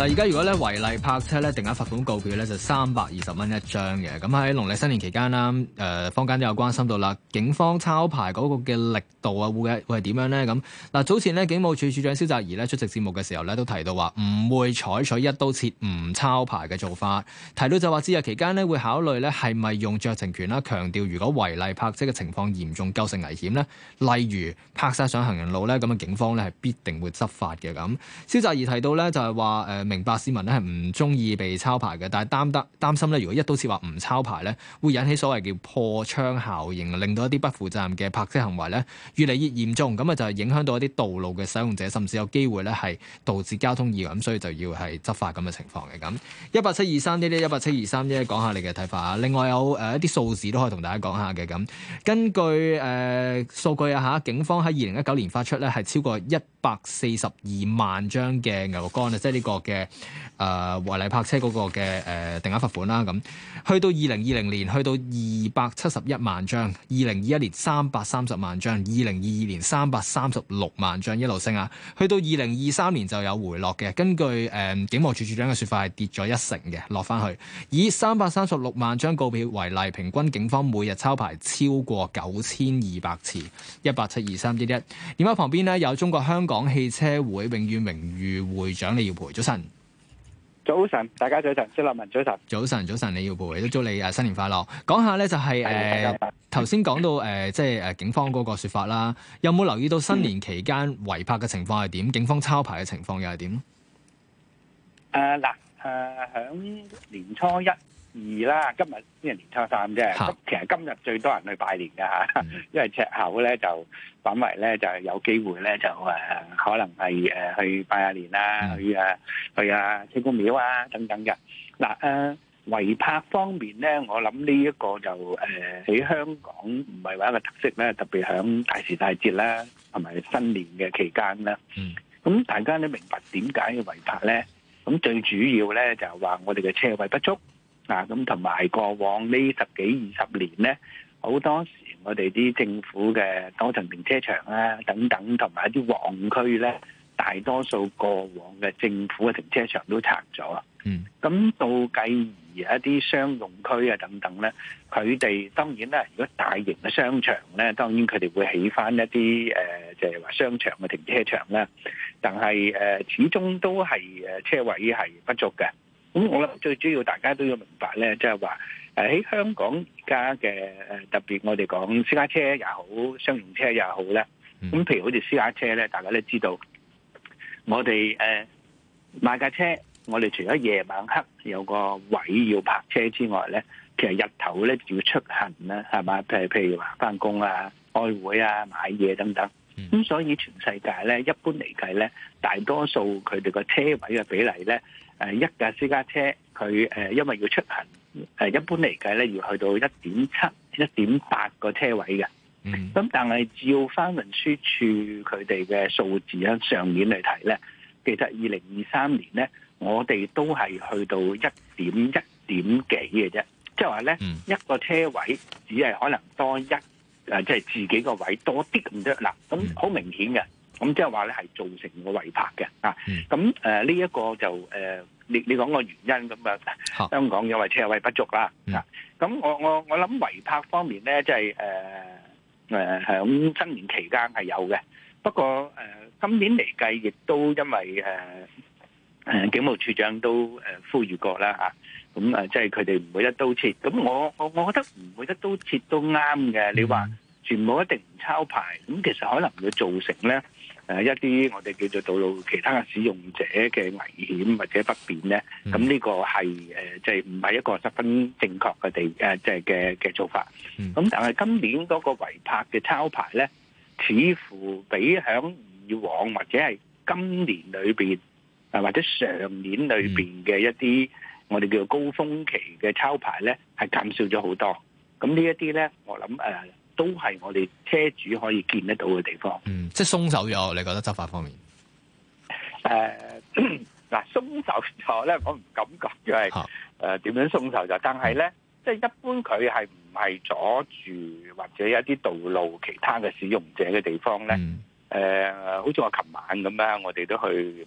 嗱，而家如果咧違例泊車咧，定額罰款告票咧就三百二十蚊一張嘅。咁喺農曆新年期間啦，誒、呃、坊間都有關心到啦，警方抄牌嗰個嘅力度啊，會係會係點樣咧？咁嗱，早前咧警務處處長蕭澤頤咧出席節目嘅時候咧，都提到話唔會採取一刀切唔抄牌嘅做法。提到就話節日期間咧會考慮咧係咪用酌情權啦，強調如果違例泊車嘅情況嚴重構成危險咧，例如泊曬上行人路咧，咁嘅警方咧係必定會執法嘅。咁蕭澤頤提到咧就係話誒。呃明白市民咧係唔中意被抄牌嘅，但係擔擔擔心咧，如果一刀切話唔抄牌咧，會引起所謂叫破窗效應，令到一啲不負責任嘅泊車行為咧越嚟越嚴重，咁啊就係影響到一啲道路嘅使用者，甚至有機會咧係導致交通意外，咁所以就要係執法咁嘅情況嘅。咁一八七二三一，一八七二三一講下你嘅睇法啊。另外有誒一啲數字都可以同大家講下嘅。咁根據誒、呃、數據啊，嚇警方喺二零一九年發出咧係超過一百四十二萬張嘅牛肉乾啊，即係呢個嘅。嘅誒，違例泊、呃、車嗰個嘅、呃、定額罰款啦，咁去到二零二零年，去到二百七十一萬張；二零二一年三百三十萬張；二零二二年三百三十六萬張，一路升啊！去到二零二三年就有回落嘅。根據、呃、警務處處長嘅說法，係跌咗一成嘅，落翻去以三百三十六萬張告票為例，平均警方每日抄牌超過九千二百次。一八七二三一一，點解旁邊呢有中國香港汽車會永遠榮譽會長李耀培早晨？你要早晨，大家早晨，周立文早晨，早晨早晨，李耀培，都祝你啊新年快樂。講下咧就係、是、誒，頭先講到誒，即係誒警方嗰個說法啦。有冇留意到新年期間違泊嘅情況係點？嗯、警方抄牌嘅情況又係點？誒嗱誒，響、呃、年初一。二啦，而今日即係年初三啫。咁其實今日最多人去拜年噶嚇，因為赤口咧就反為咧就有機會咧就、呃、可能係去拜下年啦，去啊去啊天公廟啊等等嘅。嗱誒違泊方面咧，我諗呢一個就誒喺、呃、香港唔係話一個特色咧，特別響大時大節啦，同埋新年嘅期間啦。咁大家都明白點解要違泊咧？咁最主要咧就係話我哋嘅車位不足。啊，咁同埋過往呢十幾二十年咧，好多時我哋啲政府嘅多層停車場啊，等等，同埋一啲旺區咧，大多數過往嘅政府嘅停車場都拆咗。嗯，咁到繼而一啲商用區啊等等咧，佢哋當然啦，如果大型嘅商場咧，當然佢哋會起翻一啲誒、呃，即係話商場嘅停車場咧，但係誒、呃，始終都係誒車位係不足嘅。咁我諗最主要大家都要明白咧，即係話誒喺香港而家嘅，誒特別我哋講私家車又好，商用車又好咧。咁、嗯、譬如好似私家車咧，大家都知道，我哋誒、呃、買架車，我哋除咗夜晚黑有個位要泊車之外咧，其實日頭咧要出行啦，係咪？譬如譬如話翻工啊、開會啊、買嘢等等。咁、嗯、所以全世界咧，一般嚟計咧，大多數佢哋個車位嘅比例咧。誒、啊、一架私家車，佢誒、呃、因為要出行，誒、呃、一般嚟計咧，要去到一點七、一點八個車位嘅。嗯、mm。咁、hmm. 但係照翻運輸署佢哋嘅數字咧，上年嚟睇咧，其實二零二三年咧，我哋都係去到一點一點幾嘅啫。即係話咧，mm hmm. 一個車位只係可能多一誒，即、就、係、是、自己個位多啲咁多嗱，咁好明顯嘅。咁即係話咧，係造成個違泊嘅啊！咁誒呢一個就誒，你你講個原因咁啊，香港因為車位不足啦啊！咁我我我諗違泊方面咧，即係誒誒喺新年期間係有嘅。不過誒今年嚟計，亦都因為誒誒警務處長都誒呼籲過啦嚇。咁誒即係佢哋唔會一刀切。咁我我我覺得唔會一刀切都啱嘅。你話全部一定唔抄牌，咁其實可能會造成咧。誒一啲我哋叫做道路其他嘅使用者嘅危險或者不便咧，咁呢個係誒即係唔係一個十分正確嘅地誒即係嘅嘅做法。咁但係今年嗰個違泊嘅抄牌咧，似乎比響以往或者係今年裏邊啊或者上年裏邊嘅一啲我哋叫做高峰期嘅抄牌咧，係減少咗好多。咁呢一啲咧，我諗誒。呃都係我哋車主可以見得到嘅地方。嗯，即係鬆手有，你覺得執法方面？誒、uh,，嗱， 鬆手就咧，我唔敢講，因為誒點、呃、樣鬆手就，但係咧，即係、嗯、一般佢係唔係阻住或者有一啲道路其他嘅使用者嘅地方咧？誒、嗯呃，好似我琴晚咁啦，我哋都去誒、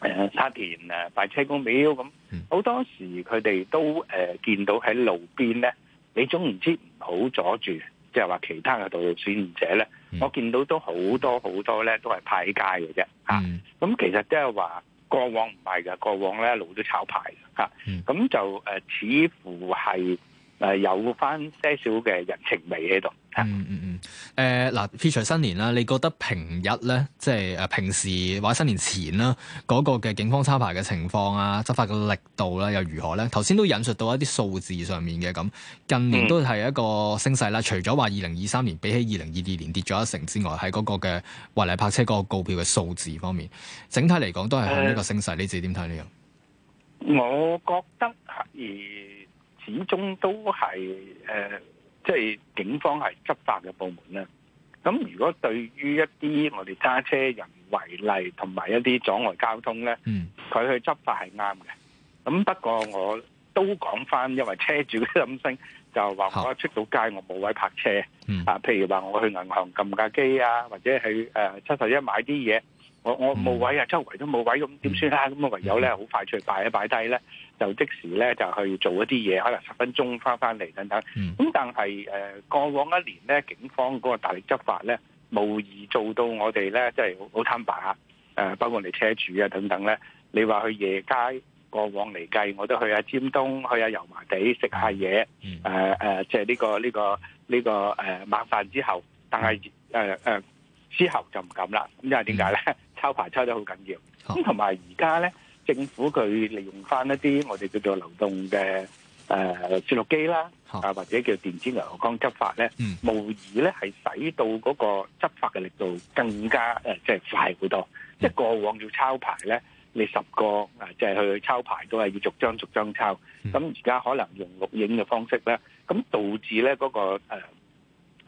呃、沙田誒擺車公廟咁，好、嗯、多時佢哋都誒、呃、見到喺路邊咧，你總唔知唔好阻住。即係話其他嘅道路使用者咧，嗯、我見到都好多好多咧，都係派街嘅啫嚇。咁、嗯啊、其實即係話，過往唔係㗎，過往咧一路都抄牌嚇。咁、啊嗯、就誒、呃，似乎係誒、呃、有返些少嘅人情味喺度。嗯嗯嗯，誒、嗯、嗱，撇、嗯呃、除新年啦，你覺得平日咧，即係誒平時或者新年前啦，嗰、那個嘅警方抄牌嘅情況啊，執法嘅力度啦，又如何咧？頭先都引述到一啲數字上面嘅咁，近年都係一個升勢啦。嗯、除咗話二零二三年比起二零二二年跌咗一成之外，喺嗰個嘅違例泊車嗰個告票嘅數字方面，整體嚟講都係向呢個升勢，呃、你自己點睇呢樣？我覺得而始終都係誒。呃即係警方係執法嘅部門咧，咁如果對於一啲我哋揸車人違例同埋一啲阻礙交通咧，佢、嗯、去執法係啱嘅。咁不過我都講翻，因為車主嘅心聲就話我一出到街我冇位泊車啊，譬如話我去銀行撳架機啊，或者去誒、呃、七十一買啲嘢。我我冇位啊，周圍都冇位咁點算啊？咁我唯有咧，好快出去擺一擺低咧，就即時咧就去做一啲嘢，可能十分鐘返返嚟等等。咁但係誒、呃、過往一年咧，警方嗰個大力執法咧，無疑做到我哋咧，即係好坦白吓。誒、呃，包括我哋車主啊等等咧，你話去夜街，過往嚟計，我都去阿尖東，去阿油麻地食下嘢。誒、呃、誒，即係呢個呢、這個呢、這個誒、呃、晚飯之後，但係誒誒之後就唔敢啦。咁因為點解咧？抄牌抄得好緊要，咁同埋而家咧，政府佢利用返一啲我哋叫做流動嘅誒攝錄機啦，啊，啊或者叫電子牛肉乾執法咧，無疑咧係使到嗰個執法嘅力度更加誒，即、呃、係、就是、快好多。即係、嗯、過往要抄牌咧，你十個啊，即係去抄牌都係要逐張逐張抄，咁而家可能用錄影嘅方式咧，咁導致咧、那、嗰個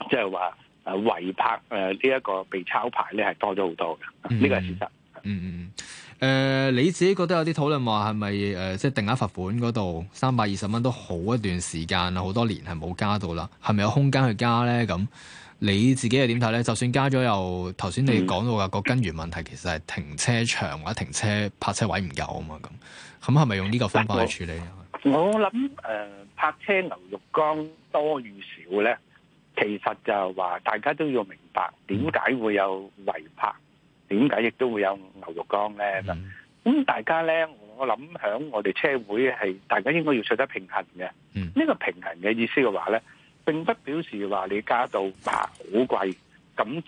即係話。呃就是誒，違泊誒呢一個被抄牌咧，係多咗好多嘅，呢個係事實。嗯嗯嗯。誒、嗯呃，你自己覺得有啲討論話係咪誒，即、呃、係、就是、定額罰款嗰度三百二十蚊都好一段時間啊，好多年係冇加到啦，係咪有空間去加咧？咁你自己係點睇咧？就算加咗，又頭先你講到嘅、嗯、個根源問題，其實係停車場或者停車泊車位唔夠啊嘛。咁咁係咪用呢個方法去處理啊？我諗誒、呃、泊車牛肉乾多與少咧？其實就係話，大家都要明白點解會有違泊，點解亦都會有牛肉乾呢。咁、嗯、大家呢，我諗響我哋車會係，大家應該要取得平衡嘅。呢、嗯、個平衡嘅意思嘅話呢，並不表示話你加到好貴，咁、啊、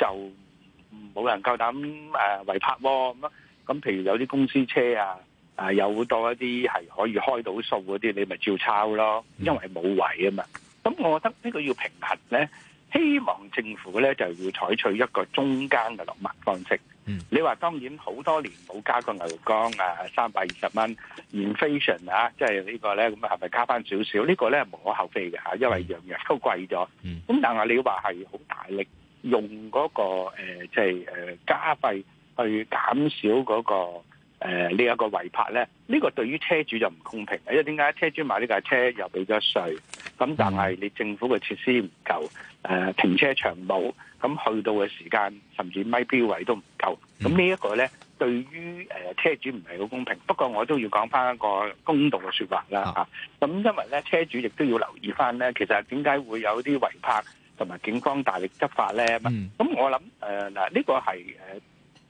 就冇人夠膽誒違泊咯。咁、啊啊、譬如有啲公司車啊，啊有多一啲係可以開到數嗰啲，你咪照抄咯，因為冇位啊嘛。咁我覺得呢個要平衡呢，希望政府呢就要採取一個中間嘅落墨方式。Mm. 你話當然好多年冇加過牛肉乾啊，三百二十蚊 inflation 啊，即係呢個呢，咁係咪加翻少少？呢、這個呢，無可厚非嘅吓，因為樣樣都貴咗。咁、mm. 但係你話係好大力用嗰、那個即係、呃就是呃、加費去減少嗰、那個。誒呢一個違泊咧，呢、這個對於車主就唔公平，因為點解車主買呢架車又俾咗稅，咁但係你政府嘅設施唔夠，誒、呃、停車場冇，咁去到嘅時間甚至咪標位都唔夠，咁呢一個咧對於誒、呃、車主唔係好公平。不過我都要講翻一個公道嘅說法啦嚇，咁、啊啊、因為咧車主亦都要留意翻咧，其實點解會有啲違泊同埋警方大力執法咧？咁、嗯、我諗誒嗱，呢、呃這個係誒。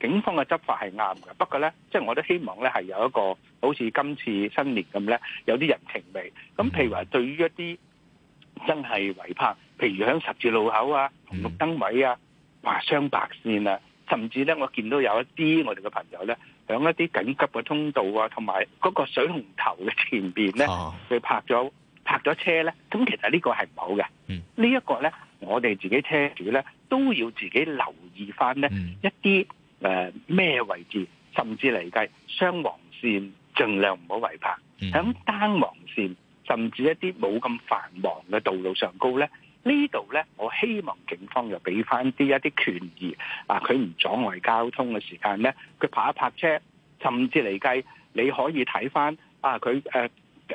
警方嘅執法係啱嘅，不過呢，即係我都希望呢係有一個好似今次新年咁呢，有啲人情味。咁譬如話，對於一啲真係違泊，譬如喺十字路口啊、紅綠燈位啊、畫雙白線啊，甚至呢，我見到有一啲我哋嘅朋友呢，喺一啲緊急嘅通道啊，同埋嗰個水龍頭嘅前面呢，去泊咗泊咗車呢。咁其實呢個係唔好嘅。呢一、嗯、個呢，我哋自己車主呢，都要自己留意翻呢、嗯、一啲。誒咩位置，甚至嚟計雙黃線盡，儘量唔好違泊。咁單黃線，甚至一啲冇咁繁忙嘅道路上高呢呢度呢，我希望警方又俾翻啲一啲權宜啊，佢唔阻礙交通嘅時間呢。佢泊一泊車，甚至嚟計你可以睇翻啊，佢、呃、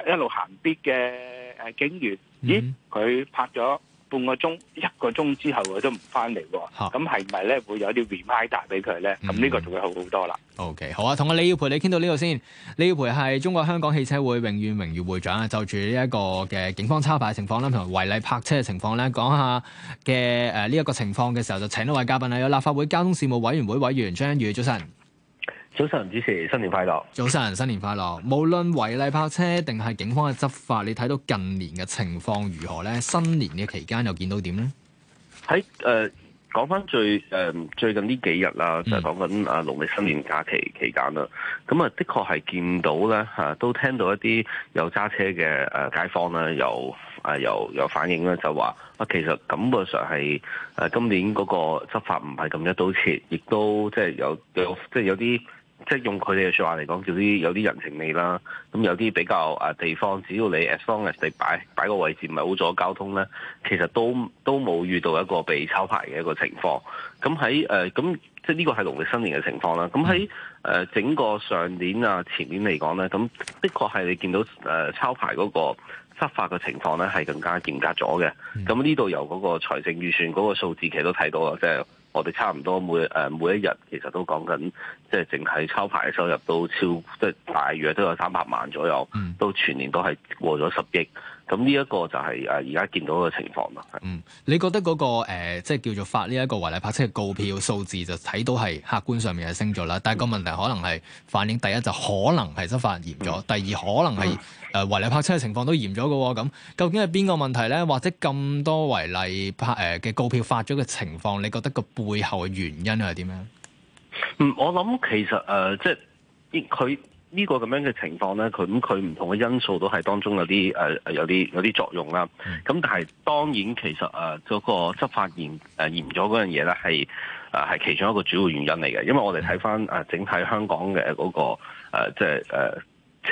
一路行必嘅警員、嗯、咦佢拍咗。半個鐘，一個鐘之後佢都唔翻嚟喎，咁係咪咧會有啲 reminder 俾佢咧？咁呢、嗯、個就會好好多啦。OK，好啊，同阿李耀培你傾到呢度先。李耀培係中國香港汽車會永遠榮譽會長啊，就住呢一個嘅警方抄牌情況啦，同埋違例泊車嘅情況咧，講下嘅呢一個情況嘅時候，就請一位嘉賓啊，有立法會交通事務委員會委員張欣宇早晨。早晨，主持，新年快樂！早晨，新年快樂！無論違例泊車定係警方嘅執法，你睇到近年嘅情況如何呢？新年嘅期間又見到點呢？喺誒講翻最誒、呃、最近呢幾日啦，就係講緊啊農曆新年假期期間啦。咁啊，的確係見到呢，嚇、啊，都聽到一啲有揸車嘅誒街坊咧，又誒又有反應咧，就話啊其實感覺上係誒今年嗰個執法唔係咁一刀切，亦都即係有有即係有啲。即係用佢哋嘅説話嚟講，有啲有啲人情味啦。咁有啲比較誒地方，只要你 as long as 你擺擺個位置，唔係好阻交通咧，其實都都冇遇到一個被抄牌嘅一個情況。咁喺誒咁，即係呢個係農曆新年嘅情況啦。咁喺誒整個上年啊前年嚟講咧，咁的確係你見到誒、呃、抄牌嗰個執法嘅情況咧，係更加嚴格咗嘅。咁呢度由嗰個財政預算嗰個數字其實都睇到啊，即係我哋差唔多每誒、呃、每一日其實都講緊。即係淨係抄牌嘅收入都超，即係大約都有三百萬左右，都全年都係過咗十億。咁呢一個就係而家見到嘅情況咯。嗯，你覺得嗰、那個、呃、即係叫做發呢一個違例泊車嘅告票數字，就睇到係客觀上面係升咗啦。但係個問題可能係反映第一就可能係執法嚴咗，嗯、第二可能係誒違例泊車嘅情況都嚴咗喎。咁究竟係邊個問題咧？或者咁多違例泊誒嘅告票發咗嘅情況，你覺得個背後嘅原因係點樣？嗯，我諗其實誒、呃，即係佢呢個咁樣嘅情況咧，佢咁佢唔同嘅因素都係當中有啲誒、呃，有啲有啲作用啦。咁但係當然，其實誒嗰、呃這個執法嚴誒嚴咗嗰樣嘢咧，係誒係其中一個主要原因嚟嘅。因為我哋睇返誒整體香港嘅嗰、那個誒、呃、即係誒。呃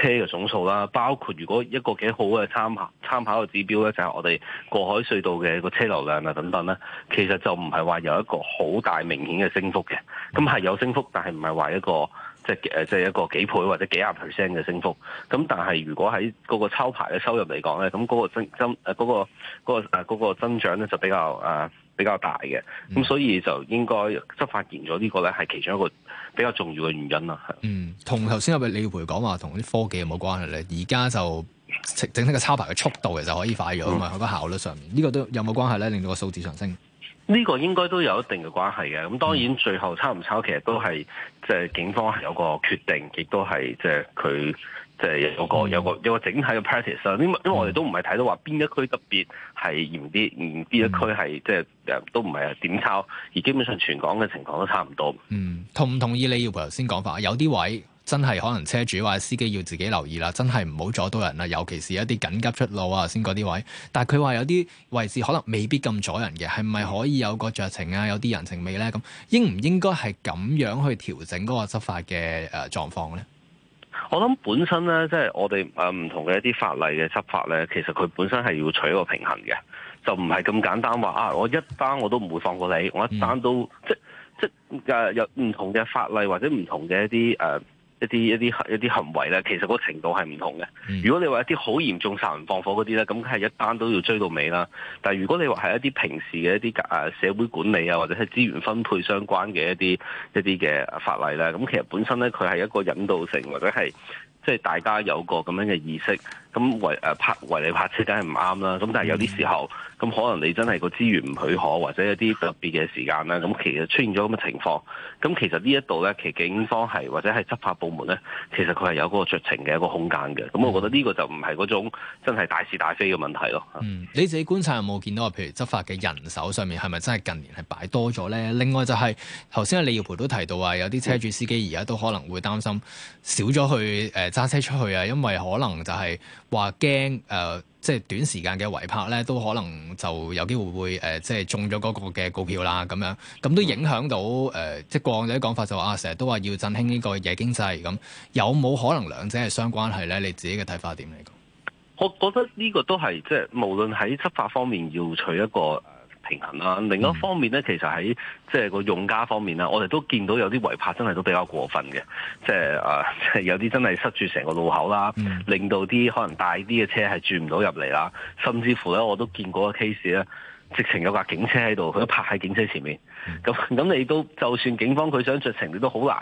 車嘅總數啦，包括如果一個幾好嘅參考參考嘅指標咧，就係我哋過海隧道嘅個車流量啊等等咧，其實就唔係話有一個好大明顯嘅升幅嘅，咁係有升幅，但係唔係話一個即係誒即係一個幾倍或者幾廿 percent 嘅升幅，咁但係如果喺嗰個抄牌嘅收入嚟講咧，咁嗰、嗰個增增誒嗰個嗰、嗰個嗰個嗰個嗰個增長咧就比較誒。啊比較大嘅，咁所以就應該執法嚴咗呢個咧，係其中一個比較重要嘅原因啦。嗯，同頭先有位李培講話同啲科技有冇關係咧？而家就整體個抄牌嘅速度其實可以快咗啊嘛，喺個、嗯、效率上面，呢、這個都有冇關係咧？令到個數字上升？呢個應該都有一定嘅關係嘅。咁當然最後抄唔抄，其實都係即係警方係有個決定，亦都係即係佢。即係有個有個有個整體嘅 practice 因為因為我哋都唔係睇到話邊一區特別係嚴啲，嗯，邊一區係即係都唔係點抄，而基本上全港嘅情況都差唔多。嗯，同唔同意你要頭先講法？有啲位真係可能車主或者司機要自己留意啦，真係唔好阻到人啦，尤其是一啲緊急出路啊，先嗰啲位。但係佢話有啲位置可能未必咁阻人嘅，係咪可以有個酌情啊？有啲人情味咧，咁應唔應該係咁樣去調整嗰個執法嘅誒狀況咧？我諗本身咧，即係我哋呃、唔同嘅一啲法例嘅執法咧，其實佢本身係要取一個平衡嘅，就唔係咁簡單話啊！我一單我都唔會放過你，我一單都即即、呃、有唔同嘅法例或者唔同嘅一啲誒。呃一啲一啲行一啲行為咧，其實個程度係唔同嘅。如果你話一啲好嚴重殺人放火嗰啲咧，咁梗係一單都要追到尾啦。但係如果你話係一啲平時嘅一啲誒社會管理啊，或者係資源分配相關嘅一啲一啲嘅法例咧，咁其實本身咧佢係一個引導性或者係即係大家有個咁樣嘅意識。咁為誒拍為你拍車梗係唔啱啦，咁但係有啲時候，咁、嗯、可能你真係個資源唔許可，或者有啲特別嘅時間啦，咁其實出現咗咁嘅情況，咁其實呢一度咧，其警方係或者係執法部門咧，其實佢係有嗰個酌情嘅一個空間嘅，咁、嗯、我覺得呢個就唔係嗰種真係大是大非嘅問題咯、嗯。你自己觀察有冇見到啊？譬如執法嘅人手上面係咪真係近年係擺多咗咧？另外就係頭先啊，李耀培都提到話，有啲車主司機而家都可能會擔心少咗去誒揸車出去啊，因為可能就係、是話驚誒，即係、呃就是、短時間嘅違泊咧，都可能就有機會會誒，即、呃、係、就是、中咗嗰個嘅告票啦咁樣，咁都影響到誒，即係過往啲講法就話、啊，成日都話要振興呢個夜經濟咁，有冇可能兩者係相關係咧？你自己嘅睇法點嚟講？我覺得呢個都係即係無論喺執法方面要取一個平衡啦，另一方面咧，其實喺即係個用家方面呢，我哋都見到有啲違泊真係都比較過分嘅，即係啊，有啲真係塞住成個路口啦，令到啲可能大啲嘅車係轉唔到入嚟啦，甚至乎咧，我都見過個 case 咧。直情有架警車喺度，佢都泊喺警車前面。咁咁、嗯、你都就算警方佢想酌情，你都好難，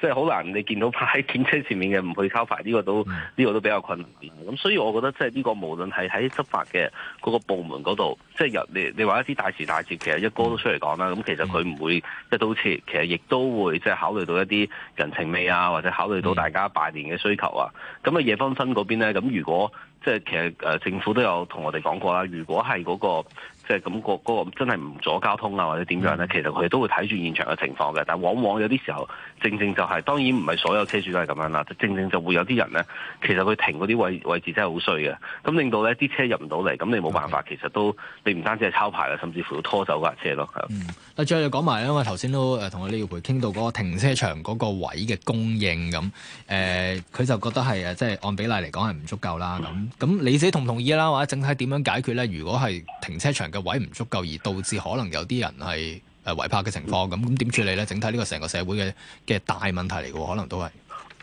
即係好難。你見到泊喺警車前面嘅，唔去抄牌呢個都呢、嗯、個都比較困難。咁所以，我覺得即係呢個無論係喺執法嘅嗰個部門嗰度，即係入你你話一啲大時大節，其實一哥都出嚟講啦。咁其實佢唔會一刀切，其實亦都會即係、就是、考慮到一啲人情味啊，或者考慮到大家拜年嘅需求啊。咁啊，夜繽紛嗰邊咧，咁如果即係、就是、其實、呃、政府都有同我哋講過啦，如果係嗰、那個。即係咁個嗰真係唔阻交通啊，或者點樣咧？Mm. 其實佢哋都會睇住現場嘅情況嘅，但係往往有啲時候，正正就係、係、當然唔係所有車主都係咁樣啦。正正就會有啲人咧，其實佢停嗰啲位位置真係好衰嘅，咁令到咧啲車入唔到嚟，咁你冇辦法，其實都你唔單止係抄牌啦，甚至乎要拖走架車咯。Mm. 嗯，再最講埋咧，我頭先都同阿李耀培傾到嗰個停車場嗰個位嘅供應咁，誒佢、呃、就覺得係即係按比例嚟講係唔足夠啦。咁咁、mm.，你自己同唔同意啦？或者整體點樣解決咧？如果係停車場。位唔足夠而導致可能有啲人係誒違泊嘅情況，咁，咁點處理咧？整體呢個成個社會嘅嘅大問題嚟嘅，可能都係。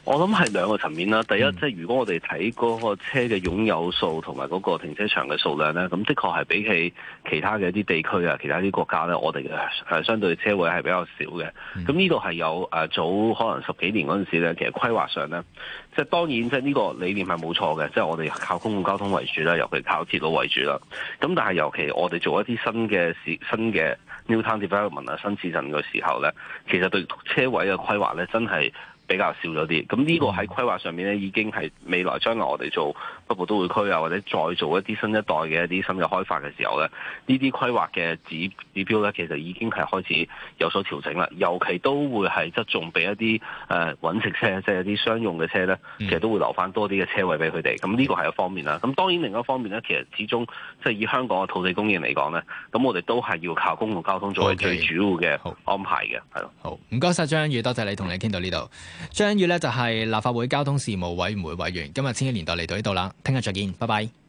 我諗係兩個層面啦。第一，即係如果我哋睇嗰個車嘅擁有數同埋嗰個停車場嘅數量咧，咁的確係比起其他嘅一啲地區啊、其他啲國家咧，我哋嘅誒相對車位係比較少嘅。咁呢度係有、誒、早可能十幾年嗰陣時咧，其實規劃上咧，即係當然即係呢個理念係冇錯嘅，即係我哋靠公共交通為主啦，尤其靠鐵路為主啦。咁但係尤其我哋做一啲新嘅新嘅 new town development 啊、新市鎮嘅時候咧，其實對車位嘅規劃咧，真係～比較少咗啲，咁呢個喺規劃上面咧，已經係未來將來我哋做北部都會區啊，或者再做一啲新一代嘅一啲新嘅開發嘅時候咧，呢啲規劃嘅指指標咧，其實已經係開始有所調整啦。尤其都會係側重俾一啲誒、呃、搵食車，即、就、係、是、一啲商用嘅車咧，其實都會留翻多啲嘅車位俾佢哋。咁呢、嗯、個係一方面啦。咁當然另一方面咧，其實始終即係以香港嘅土地供應嚟講咧，咁我哋都係要靠公共交通作為最主要嘅安排嘅，係咯 Okay, 的。好，唔該晒張欣宇，多謝，謝你同你傾到呢度。張欣宇呢，就係立法會交通事務委員會委員，今日千禧年代嚟到呢度啦。聽日再見，拜拜。